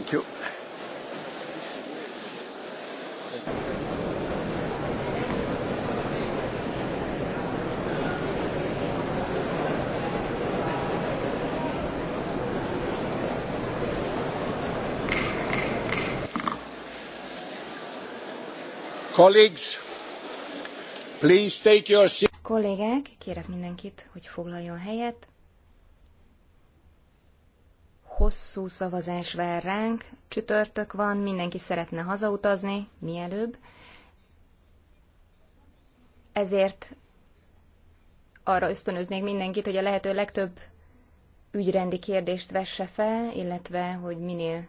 Thank you. Colleagues, please take your seat. Kollégák, kérek mindenkit, hogy foglaljon helyet hosszú szavazás vár ránk, csütörtök van, mindenki szeretne hazautazni, mielőbb. Ezért arra ösztönöznék mindenkit, hogy a lehető legtöbb ügyrendi kérdést vesse fel, illetve hogy minél